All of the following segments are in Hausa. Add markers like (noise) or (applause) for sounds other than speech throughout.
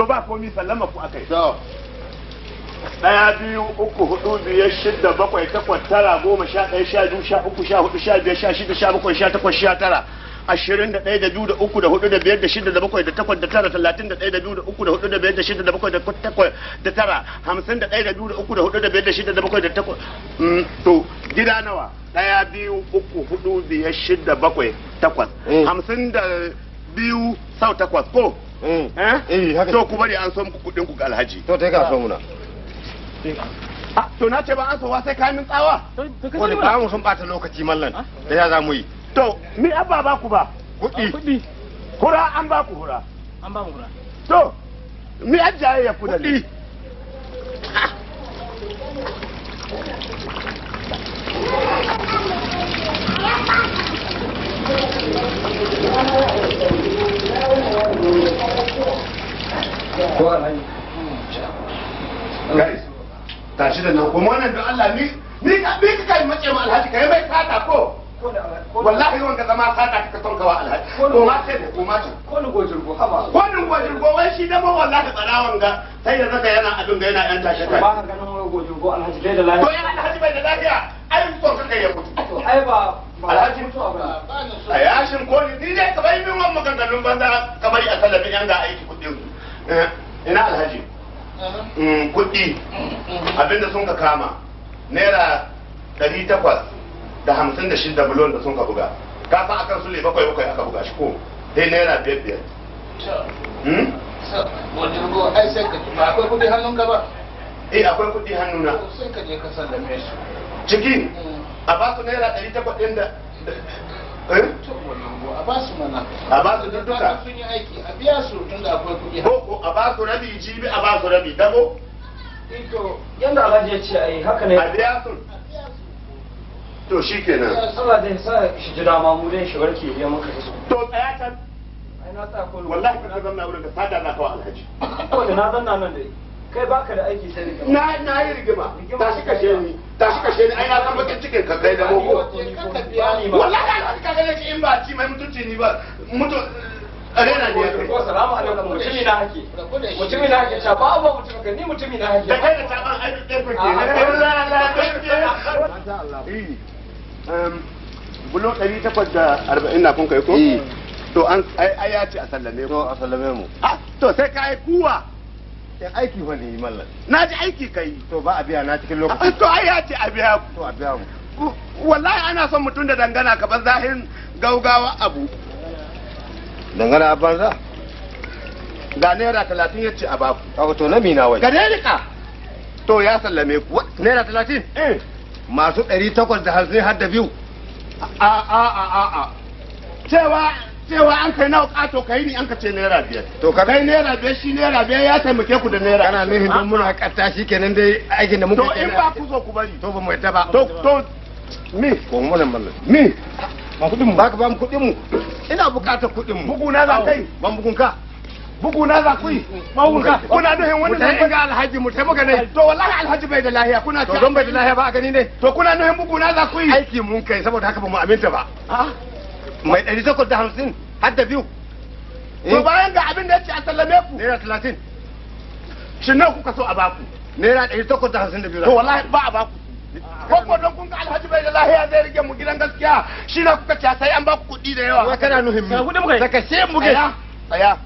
to ba komi sallama ku akai daya biyu uku hudu biyar shidda bakwai takwas tara goma sha ɗaya sha biyu sha uku sha hudu sha biyar sha shida sha bakwai sha takwas sha tara ashirin da ɗaya da biyu da uku da hudu da biyar da shida da bakwai da takwas da tara talatin da ɗaya da biyu da uku da hudu da biyar da shida da bakwai da takwas da tara hamsin da ɗaya da biyu da uku da hudu da biyar da shida da bakwai da takwas mm, to gida nawa ɗaya biyu uku hudu biyar shida bakwai takwas eh. hamsin da biyu sau takwas ko Eh. Eh? Eh, to ku bari an so muku kudin ku alhaji to ta ka so muna ah, to na ce ba an sowa sai kamin tsawa wani ba mu sun bata lokaci mallan da ah. ya za yi to mi an ba ba ku ba kudi ah, hura an ba ku hura an ba mu hura to mi an jaye ya kudi Thank you. ko alhaji guys tashi da nan kuma wannan don Allah ni ni ka bi ka kai mace ma alhaji kai mai sata ko wallahi wanga zama ka ton kawa alhaji ko ma ce ko ma ce ko ni gojir go haba ko ni gojir ko wai shi da ma wallahi tsara wanga sai da zaka yana abin da yana yan tashi kai ba ka ganin gojir go alhaji dai da lafiya to alhaji bai da lafiya ai ka kai ya ai ba alhajin a yashin koli ni dai ka bai min wani maganganun banza ka bari a tallafi yan da aiki kuɗin eh, ina alhaji mm, kuɗi abinda sun ka kama naira ɗari takwas da hamsin da shida bulon da sun ka buga ka san akan ne bakwai bakwai aka buga shi ko dai naira biyar biyar hmm? wajen ai sai ka ba akwai kuɗi hannunka ba eh akwai kuɗi hannuna sai ka je ka sallame su ciki mm. a ba su naira ɗari takwas ɗin da eh? a ba su mana a duka sun a da akwai kuɗi ba su rabi jibi a ba su rabi dabo eh, alhaji ya ce a biya su to sa shi ma mu shi warke ya maka to tsaya can wallahi ka zama wurin da fada na kawai alhaji da na nan dai kai baka da aiki sai rigima na na yi rigima tashi kashe ni ta tashi kashe ni ai na san bakin cikin ka kai da mako wallahi ka ka gane shi in ba ci mai mutunci ni ba mutu arena ne ya kai assalamu alaikum mutumi na hake mutumi na hake ta ba ba mutum ka ni mutumi na hake da kai da taban ai da kai ke la la kai um bulo 840 na kun kai ko eh. to an ai ya ce a sallame ko a sallame mu ah to sai kai kuwa in aiki fa ne mallan na ji aiki kai to ba a biya na cikin lokaci (laughs) to ai ya ce a biya ku to a biya mu wallahi ana son mutum da dangana ka ban zahirin gaugawa abu dangana a banza ga naira talatin ya ce a baku a to na mina wai ga naira to ya sallame ku naira talatin eh. masu ɗari takwas da hanzu har da biyu a a a a cewa cewa an kai nawa kato kai ni an kace naira biyar to ka kai naira biyar shi naira biyar ya taimake ku da naira kana nufin don muna kata shi kenan dai aikin da muka to in ba ku zo ku bari to ba mu yadda ba to to me ko mu nan mallan me ba kudin mu ka ba mu kudin mu ina bukatar kudin mu bugu na za kai ban bugun ka bugu na za kai ba bugun ka kuna nuhin wani ne ga alhaji mu sai muka ne to wallahi alhaji bai da lahiya kuna ta don bai da lahiya ba a gani ne to kuna nuhin bugu na za kai aiki mun kai saboda haka ba mu aminta ba a mai ɗari takwas da hamsin har da biyu eh. to bayan ga abin da ya ce a sallame ku naira talatin shin nan kuka so a baku naira ɗari takwas da hamsin da biyu to wallahi ba a baku ah. ko ko don kun ga alhaji bai da lahiya zai rige mu gidan gaskiya shi na kuka ce sai an baku kuɗi da yawa kana nuhin mu kuɗi muka daga sai mu ga tsaya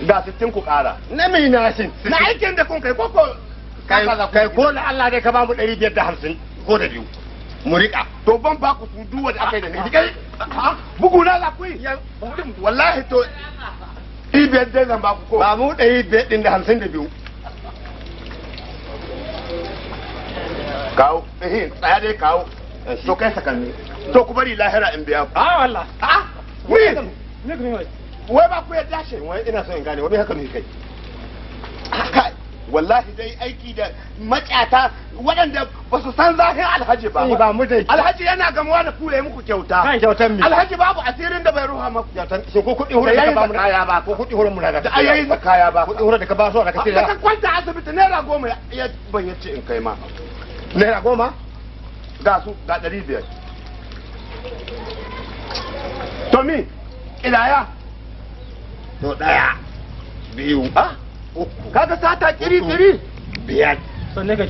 da sittin ku ƙara na mai na shin na aikin da kun kai ko ko kai ko da Allah dai ka ba mu ɗari biyar da hamsin ko da biyu mu rika to ban ba ku su duwa da aka yi da ni kai bugu na la ku wallahi to ibiyar e da zan ba ku ko ba mu da ibiyar e din da hamsin da biyu kawo eh tsaya dai kawo to kai sakanni to ku bari lahira in biya a wallah a wai wai ba ku ya dashe wai ina so in gane wani haka ne kai wallahi dai aiki da matsata waɗanda ba su san zahin alhaji ba ba mu dai alhaji yana gamuwa da kure muku kyauta kan kyautan mi alhaji babu asirin da bai ruha maku. kyautan shi ko kudi hura da ka ba mu kaya ba ko kudi hura mu na da ayi da kaya ba kudi hura da ka ba su da ka ce ka kwanta asibiti naira goma ya ban yace in kai ma naira goma ga su ga ɗari biyar to mi idaya to ɗaya biyu ah kaga sata kiri kiri biyar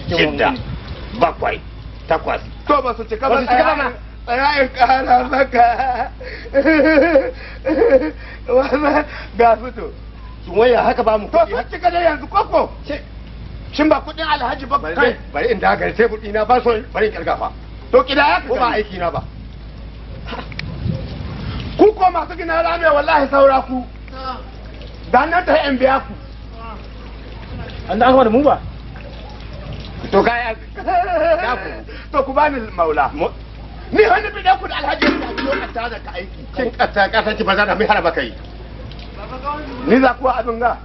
shidda bakwai takwas to ba su cika ba tsaya in kara maka wannan ga fito waya haka ba mu to sun cika da yanzu koko shin ba kudin alhaji ba kai bari in dagare sai kudi na ba so bari in kirgafa to kidaya ka ba aiki na ba ku ko masu gina rame wallahi saura ku da nan ta yan biya ku an da aka da mu ba to kaya to ku bani maula ni hannu bi da ku da alhaji da ku ta da ka aiki kin kasa kasa ki ba za da mai haraba kai ni za ku abin ga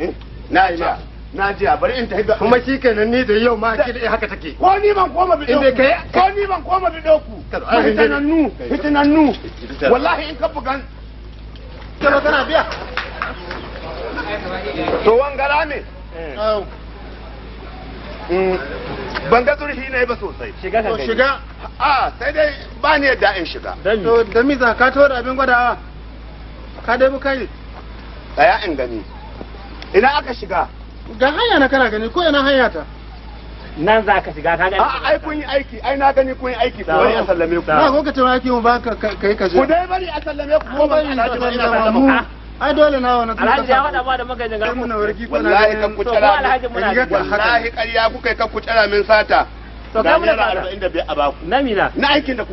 eh, na yi ma na ji a bari in ta kuma shi kenan ni da yau ma ki da eh haka take ko ni ban koma bi doku ko ni ban koma bi nu. hitinannu hitinannu wallahi in ka bugan kana biya to wangara ne Eh. Mm, ban ga zurfi ne ba sosai shiga ka shiga a sai dai ba ne da in shiga to da miza ka to da abin gwadawa ka dai bu kai tsaya in gani ina aka shiga ga hanya na kana gani ko ina hanya ta nan za ka shiga ka gani ai kun yi aiki ai na gani kun yi aiki ko ya sallame ku na ko ka tawo aiki mu ba ka kai ka je ku dai bari a sallame ku ko ba ina ba ina ba ai dole na wani tuka alhaji ya faɗa ba da magajin garku mun warki ko na alhaji muna ƙarya kuka min sata to kai mun da 45 a baku na mina na aikin da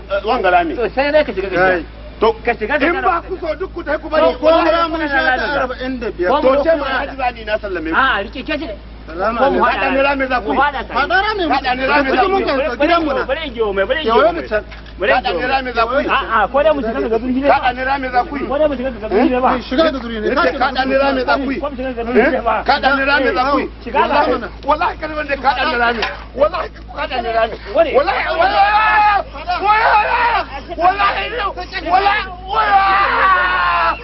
eh, to sai dai ka shiga gaskiya to ka shiga in ba ku so duk ku dai ku bari ko mun sha 45 to ce ma alhaji zani na sallame a rike ke Salamu alaikum. Faɗa ne rami za ku yi. Faɗa rami faɗa ne rami za ku yi. Gidan mu na. Bari in giwo mai bari in giwo. Yawo mu can. Faɗa ne rami za ku yi. A'a ko da mu shiga daga zurfi ne. Faɗa ne rami za ku yi. Ko da mu shiga daga zurfi ne ba. Shiga daga zurfi ne. Faɗa ne rami za ku yi. Faɗa ne rami za ku yi. Shiga da rami. Wallahi kar wanda kaɗa ne rami. Wallahi kaɗa ne rami. Wallahi wallahi wallahi wallahi wallahi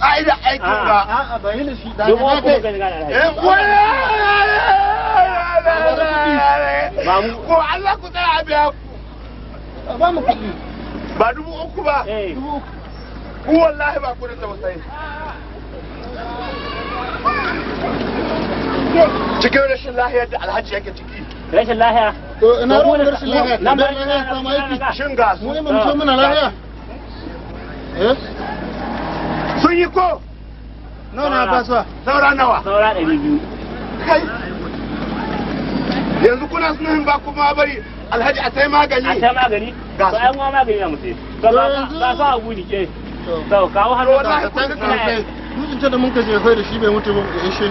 ƙa'ida aiki ba. A'a da eh, Ko Allah ku tsaya biya ku. Ba mu kuɗi. Ba dubu uku ba. Eh. Ku wallahi ba ku da tausayi. Cikin rashin lahiyar da alhaji yake ciki. Rashin lahiya? To ina ruwan rashin lahiya? Nan ba ina sama yake. Shin ga su. Mu yi mun so muna lahiya? Eh? kun yi ko nawa na basuwa saura nawa saura ɗari biyu kai yanzu kuna sunan ba kuma bari alhaji a sai magani a sai magani ga su ayyuwa magani na mutu ba ba sa abu ni ke sau kawo har wata ta kai mutunta eh. da mun ka je da shi bai mutu ba ya shi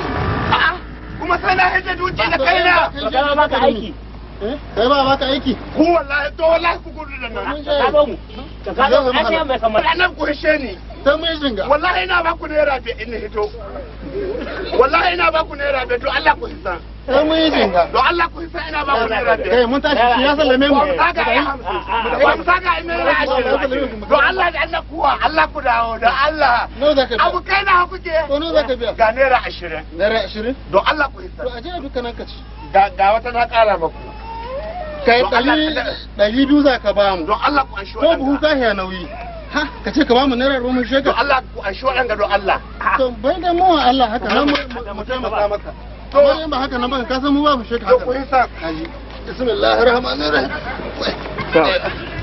kuma sai na hajja duki da kaina to ba maka aiki Eh? kai ba baka aiki ko wallahi to wallahi ku gudu da nan ka ba mu ka ka ka ce mai kamar nan kurshe hishe ni ta mai zinga wallahi ina ba ku naira bi in hito wallahi ina ba ku naira bi to Allah ku hisa ta mai zinga to Allah ku hisa ina ba ku naira bi kai mun tashi ya sallame mu ka ga ai ba mu saka ai naira ashirin to Allah da Allah kuwa Allah ku dawo da Allah no da ka abu kai na kuke to no da ka biya ga naira ashirin naira 20 to Allah ku hisa to aje duka nan ka ci ga wata na kara maku kai ɗari biyu za ka ba mu don Allah ku an shi ko buhu ka nauyi ha ka ce ka ba mu naira roman sheka don Allah ku anshi shi waɗanda don Allah to bai da mu Allah haka nan mu taimaka maka to bai ba haka nan ba ka san mu ba mu sheka haka to kun sa kaji bismillahir rahmanir rahim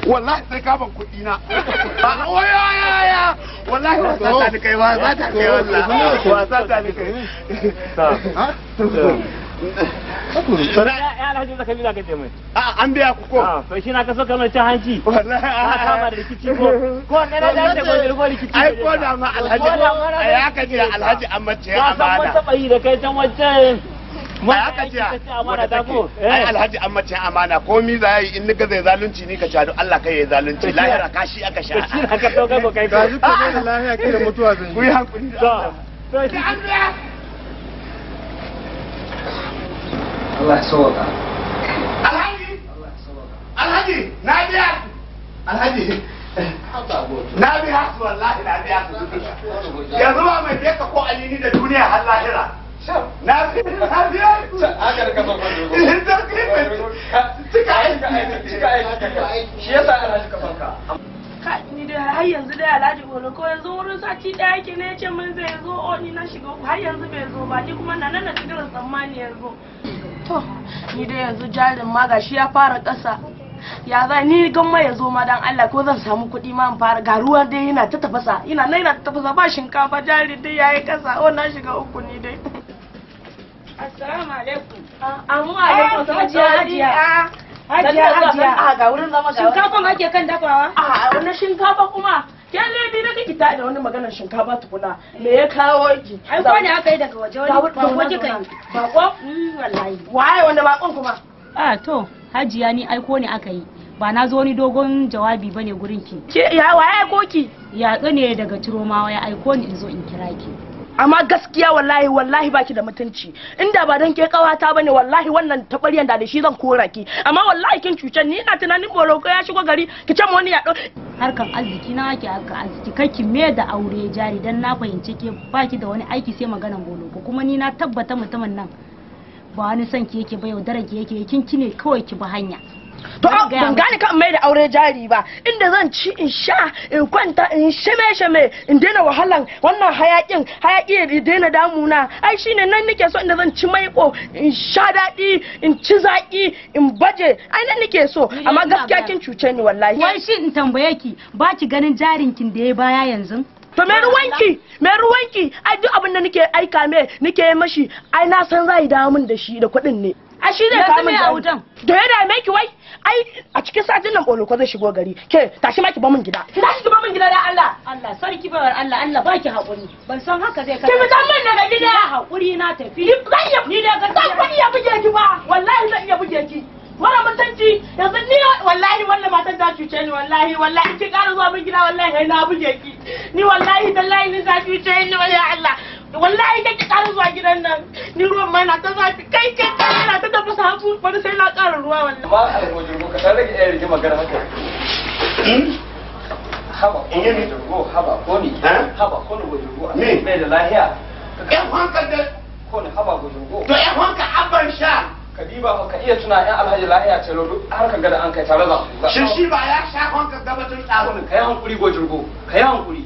wallahi sai ka ban kuɗi na oya ya wallahi wasa ta ni kai wasa ta kai wallahi wasa ta ni kai ha an biya ku ko ah, to shi na ka so kamar hanci wallahi a kama da rikici ko ko ne na da ta gwajin ko rikici ai ko da ma alhaji ai haka ji alhaji amma ce amana ka san mun yi da kai can wancan ma haka ji wata take ai alhaji amma ce amana komi za yi in niga zai zalunci ni ka ci don Allah kai ya zalunci lahira kashi aka sha shi na ka dauka ko kai ka ji ko lahira kai da mutuwa zan yi ku yi hankuri to to Allah ya alhaji alhaji na biya alhaji na biya su wallahi na ba mai beka ko alini da duniya har lahira na da (laughs) cika aiki cika aiki shi alhaji ka ni da har yanzu alhaji ko yanzu wurin sati daya yake ne ce min zai zo o ni na shiga har yanzu bai zo ba ni kuma na nan da cikin tsammani zo. to ni dai yanzu jarin ma gashi ya fara ƙasa ya za ni gan ya zo ma dan Allah ko zan samu kuɗi ma in fara ga ruwa dai yana ta tafasa ina nan yana ta tafasa ba shinkafa jarin dai yayi ƙasa o oh, na shiga uku ni dai assalamu alaikum amu alaikum ah, hajiya hajiya ajiya ajiya ga wurin zama shinkafa ma ke kan dafawa a wannan shinkafa kuma kyalle bi nake ki da wani maganar shinkafa tukuna me ya kawo ki ai ko ne aka yi daga waje wani bako kika yi ko mm, wallahi waye wanda kon kuma a to hajiya ni aiko ne aka yi ba na zo wani dogon jawabi bane gurin ki ya waye ko ki ya tsane daga Turomawa ya aiko ni in zo in kira ki amma gaskiya wallahi wallahi baki da mutunci inda ba dan ke kawata bane wallahi wannan tabariyan da shi zan kora ki amma wallahi kin cuce ni ina tunanin boroko ya shigo gari ki ce wani ya dau harkan arziki na ake harkan arziki kai ki me da aure jari dan na fahimci ke baki da wani aiki sai maganan boroko kuma ni na tabbata mutumin nan ba wani son ki yake ba yaudarar ki yake kin kine kawai ki bi hanya to ban gane kan mai da aure jari ba inda zan ci in sha in kwanta in shame shame in daina wahalan wannan hayakin hayaki ya daina damuna ai shine nan nake so inda zan ci maiko in sha daɗi in ci zaki in baje ai nan nake so amma gaskiya kin cuce ni wallahi wai shi in tambaye ki ba ki ganin jarin kin da ya baya yanzu to me ruwanki me ruwanki ai duk abin da nake aika me nake mashi ai na san zai dawo min da shi da kuɗin ne a shi zai kawo min a wutan da ya dame ki wai ai a cikin satin nan boloko zai shigo gari ke tashi ma ki ba min gida ki tashi ki ba min gida da Allah Allah sarki bawar Allah Allah baki hakuri ban san haka zai kasance ki fitan min daga gida hakuri na tafi ni da ga zan iya buge ki ba wallahi zan iya buge ki mara mutunci yanzu ni wallahi wannan matan ta cuce ni wallahi wallahi ki ƙara zuwa min gida wallahi na buge ki ni wallahi tallahi ni ta cuce ni ya Allah wallahi ki ƙara zuwa gidan nan ni ruwan ma na ta zafi kai kai kai na ta tafasa hafu wani sai na ƙara ruwa wallahi ba a wajen ka ta rage iya rage magana haka haba ko ne jirgo haba ko ne haba ko ne jirgo a ne mai da lahiya yan hanka da ko ne haba ko jirgo to yan hanka abban sha Kadiba ba ka iya tuna yan alhaji lahiya ce lodo har ka gada an kai tare da su shi ba ya sha wanka gabatun tsahun ka yi hankuri ko jirgo ka yi hankuri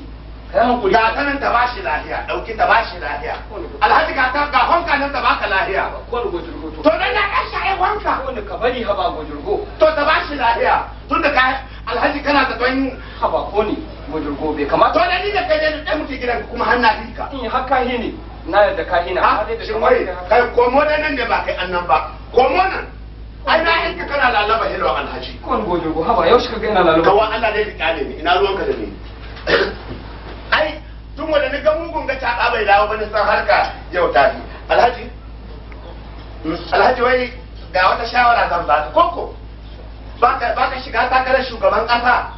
ga kanan ta bashi lahiya dauki ta bashi lahiya alhaji ga ta ga honka nan ta baka lahiya to dan na kashi ai wanka wani ka bari haba gojurgo to ta bashi lahiya tun da ka alhaji kana da don haba ko ne gojurgo bai kamata to da ni da kai da dan mutu gidan kuma har na hika in eh, haka hi ne na da ka hina har kai komo da nan ne ba kai annan ba komo nan ai na yanka kana lalaba hilwa alhaji kon gojurgo haba yau shi ka ga ina lalaba wa Allah ne ya kale ni ina ruwanka da ni mutum wanda ni ga mugun ga ta bai dawo ba san harka yau ta ni alhaji alhaji wai ga wata shawara zan ba ta koko baka baka shiga takarar shugaban kasa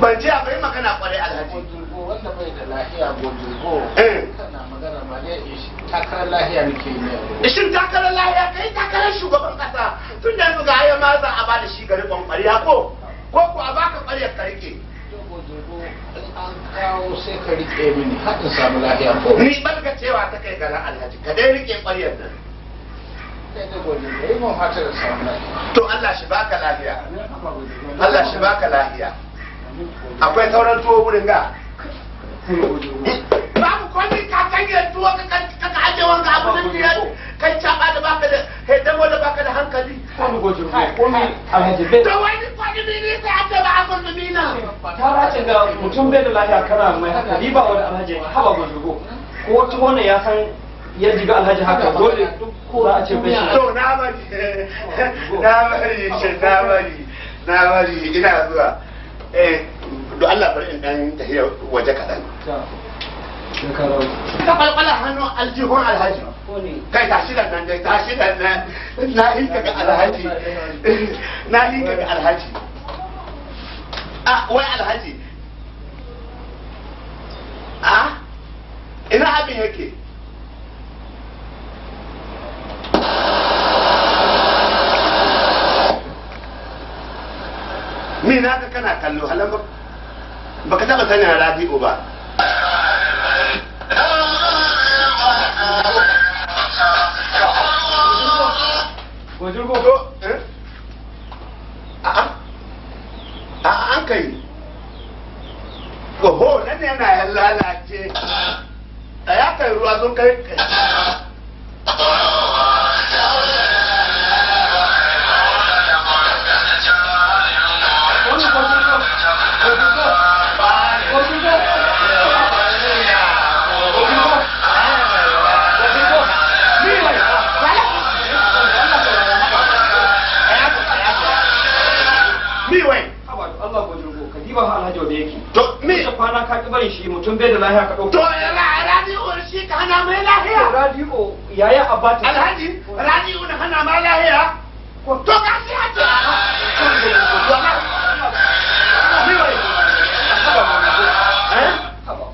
ban ji akwai magana kwarai alhaji wanda bai da lahiya gojirgo eh. kana magana ma ne eh, takarar lahiya nake ne eh, shin takarar lahiya kai takarar shugaban kasa tun da yanzu ga ya ma za a ba da shi gari kwankwariya ko ko ku a baka kwariyar ka rike an kawo sai ka rike mini cewa ta kai garin Allah shi baka lafiya Allah shi baka lafiya akwai sauran tuwo wurin ga babu komai ka kanyar tuwo ka aje ga abu da kai caba da baka da he dan wanda baka da hankali ta mu goje komai alhaji bai to wai ni kwani ne ne sai an ba akon da mina ta race da mutum bai da lafiya kana mai haka ni ba wani alhaji haba goje ko ko tuwo ne ya san ya jiga alhaji haka dole ko za a ce bai to na bari na bari ce na bari na bari ina zuwa eh do Allah bari in dan tafiya waje kadan ka kalkala hannu aljihun alhaji kai ta da nan dai tashi da nan na yi kaga alhaji na yi kaga alhaji a wai alhaji a ina abin yake mi na ka kana kallo halamba baka taba sanin rabi'u ba wajen ko eh an kai ko ho nan yana lalace a ya kai ruwa sun kai ki barin shi mutum bai da lahiya ka To radio shi ka hana mai lahiya. Radiyo yaya abata. Alhaji radio na hana mai lahiya. To ka shi a ce.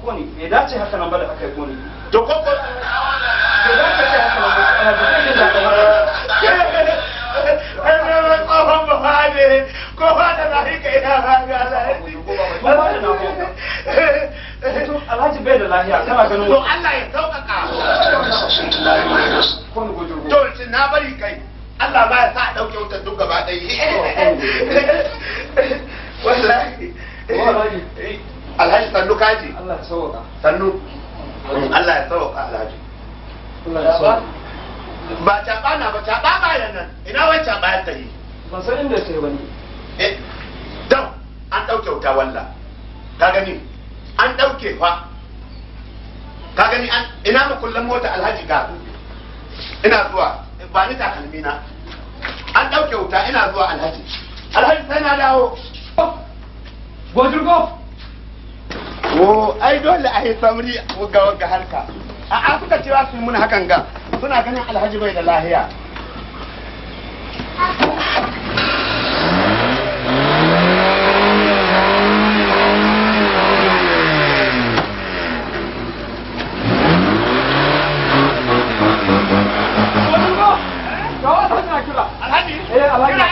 Bai dace haka nan ba da aka yi kone. To ko ko. dace ta haka nan ba da aka yi Ko da lahiya ga lafiya kana ganin to Allah ya sauƙaƙa to na bari kai Allah ba ya sa a ɗauke wutar duk gaba ɗaya wallahi alhaji sannu kaji Allah ya sauƙa sannu Allah ya sauƙa alhaji ba caɓa na ba caɓa ba nan ina wai caɓa ya yi ban san inda ta yi wani eh dan an ɗauke wuta walla ka gani an ɗauke fa ka gani an ina ma kullum mota alhaji ga ina zuwa ba ni ta kalmina an ɗauke wuta ina zuwa alhaji alhaji sai na dawo gojirgo wo ai dole a yi samri ga ga harka a a suka cewa su mun hakan ga suna ganin alhaji bai da lahiya da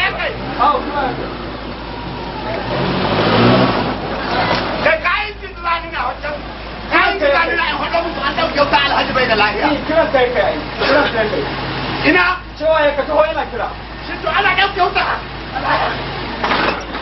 kayan jin zani ina cewa ya ka taho yana kira shi to ana dauke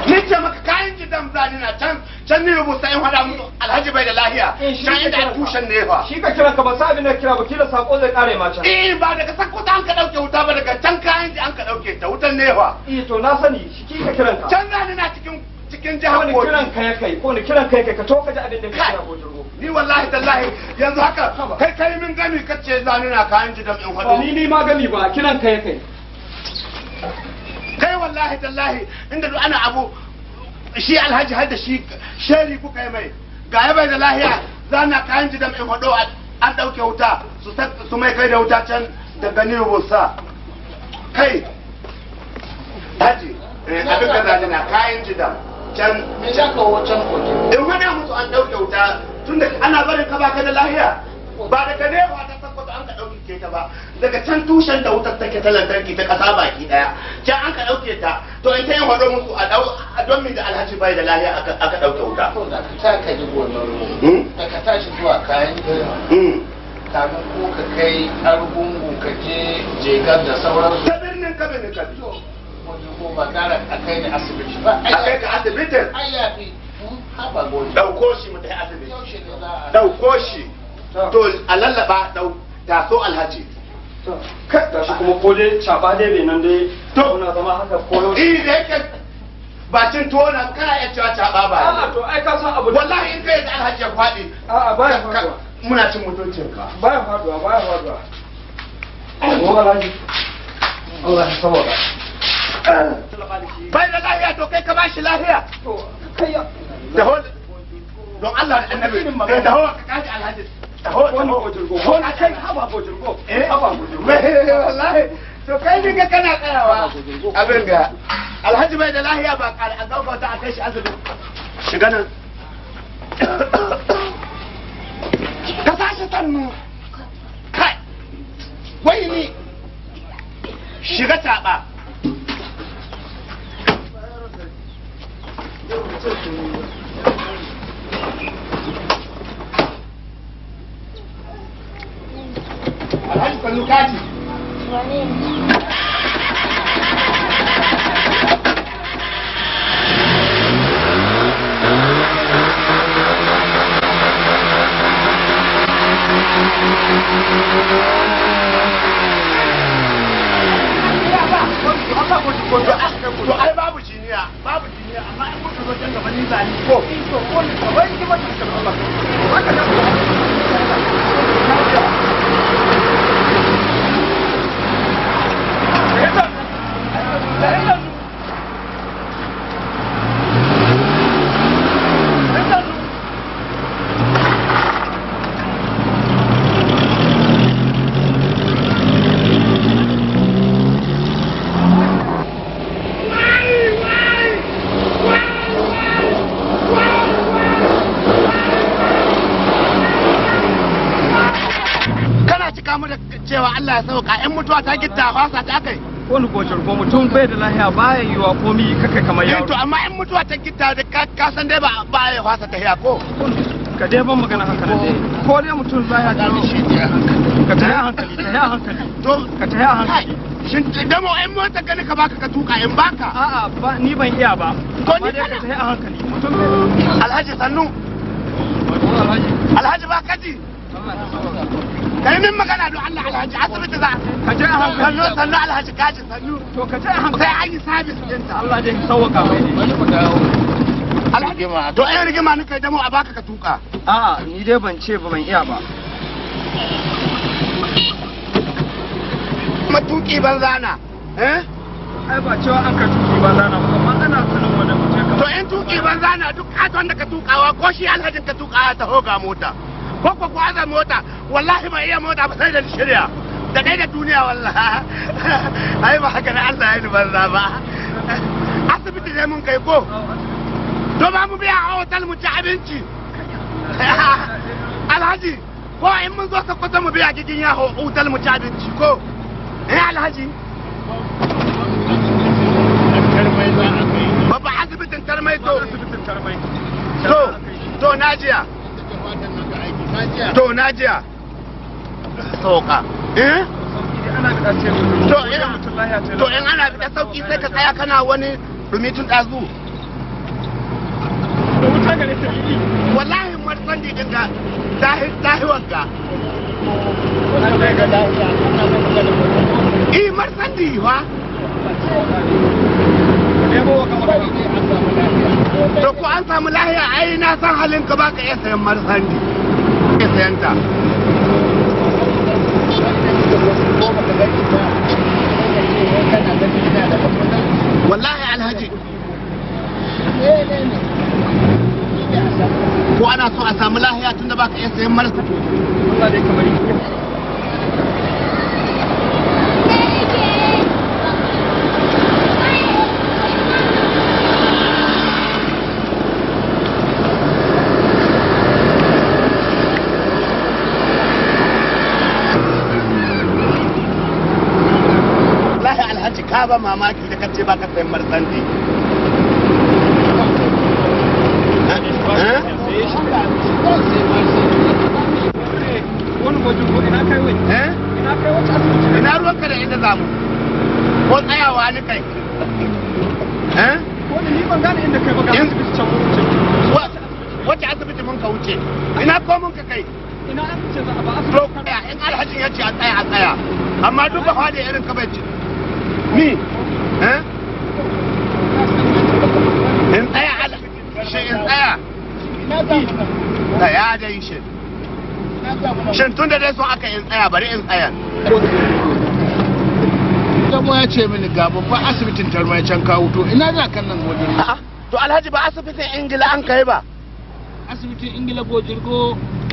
ni ce maka kayan zani na can can ni rubuta in faɗa mu alhaji bai da lahiya eh, can inda a tushen ne fa shi ka kira ka ba sa abin da kira ba kila sako zai kare ma can eh ba daga sako ta an ka dauke wuta ba daga can kayan ji an ka dauke ta wutan ne fa eh to na sani shi ki ka kiran ka can na na cikin cikin jihar Kogi. Ko kiran ka ya kai, ko ni kiran ka ya kai, ka to ka ji abin da ka kira Bojirgo. Ni wallahi tallahi yanzu haka kai kai min gami kace za ni na kayan ji da in hada Ni ni ma gami ba, kiran ka ya kai. Kai wallahi tallahi inda duk ana abu shi alhaji har da shi sheri kuka yi mai ga bai da lahiya zana kayan jidam in hado an dauke wuta su mai kai da wuta can daga new wusa kai daji eh, abin da zane na kayan jidam can me za ka wacan koke in wani musu an dauke wuta tun da ana barin ka baka da lahiya ba daga ne ba ta tabbata an ka dauke ta ba daga can tushen da wutar take ta lantarki ta kasa baki daya can an ka dauke ta to in ta yin hado musu a dau don mi da alhaji bai da lahiya aka aka dauke wuta to da ta ka ji gonar hmm? da ka tashi zuwa kayan gari hmm. kamin ko ka kai argungu ka je jegar da sauransu ta birnin kabin ka biyo ko ba kara a kai ni asibiti ba a kai ka asibitin ayyafi haba hmm, gobe dauko shi mu tafi asibiti dauko shi to a lallaba da so alhaji ga shi kuma ko caba dai bai nan dai to na zama haka koyo eh da yake ba cin tuwo na kana iya cewa caba ba a'a to ai ka san abu wallahi in kai da alhaji faɗi faɗuwa muna cin mutuncin ka ba ya faɗuwa ba faɗuwa alhaji saboda bai da lafiya to kai ka bashi lafiya to kai da hol don Allah da annabi eh, da hol ka kaji alhaji haba bujurgo a kai haba bujurgo haba bujurgo wallahi to kai din ga kana tsayawa abin ga alhaji bai da lahiya ba kare a dauka ta a kai shi azumi shiga nan ka tashi sannu kai wai ni shiga taba Alhaji Sanukati. Mwalimu. cewa Allah ya sauka yan mutuwa ta gitta sa ta kai wani gocar ko mutum bai da lahiya baya yi wa komi kaka kamar eh yaro to amma yan mutuwa ta gitta da ka san dai ba ba ya fasa ta hiya ko ka dai ban magana haka ne ko dai mutum ya dawo shi ka ta hankali ta hankali to ka ta hankali shin mu ƴan mota gani ka baka ka tuka yan baka a'a ba ni ban iya ba to ni ka ta hankali mutum alhaji sannu alhaji alhaji ba kaji kai min magana don Allah alhaji asibiti za ka je a sannu sannu alhaji kaji sannu to ka je a hankali sai an yi sabis ɗinta Allah dai sauwaka mai ne bari ku dawo alhaji to ɗan rigima ni kai a baka ka tuka a'a ni dai ban ce ba ban iya ba matuki banza na eh ai ba cewa an ka tuki banza na amma ana sanin wanda mutum to in tuki ban na duk katon da ka tukawa ko shi alhajin ka tukawa ta hoga mota ko ko ko azan mota wallahi ba iya mota ba sai da shirya da kai da duniya wallahi (laughs) ai ba haka na Allah ya ni banza ba asibiti ne mun kai ko to ba mu biya a hotel mu ci abinci (laughs) alhaji ko in mun zo sakkwato mu biya cikin ya hotel mu ci abinci ko eh alhaji babba asibitin tarmaito to to najiya to najiya sauka eh to in ana fita sauki sai ka tsaya kana wani rumitun ɗazu wallahi marsan da ga dahiwar ga eh marsan da wa to ko an samu lahiya ai na san halin ka baka iya sayan marsandi ke sayanta wallahi alhaji ko ana so a samu lahiya tun da baka iya sayan marasa na ba mamaki da kace baka sayan marzandi eh? ina ruwanka da inda zamu ko tsayawa ni kai eh? wani asibiti asibiti mun ka wuce ina ko mun ka kai ina asibiti za a ba asibiti in alhajin ya ce a tsaya a tsaya amma duk ba fa irin ka bai مين ها انقيا على انقيا tsaya dai shin shin tun da dai so aka in tsaya bari in tsaya Damo ya ce mini ga babban asibitin tarmai can kawo to ina za kan nan wajen to alhaji ba asibitin ingila an kai ba asibitin ingila bojirgo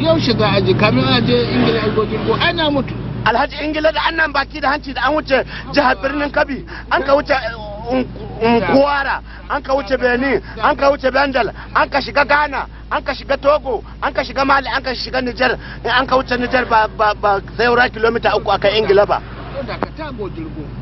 yau shiga aji kamin aje ingila bojirgo ana mutu alhaji ingila da annan baki da hanci da an wuce jihar birnin kabi an ka wuce eh, unkuwara an ka wuce benin an ka wuce bendal an ka shiga ghana an ka shiga togo an ka shiga mali an ka shiga nijar an ka wuce nijar ba ba kilomita uku akan ingila ba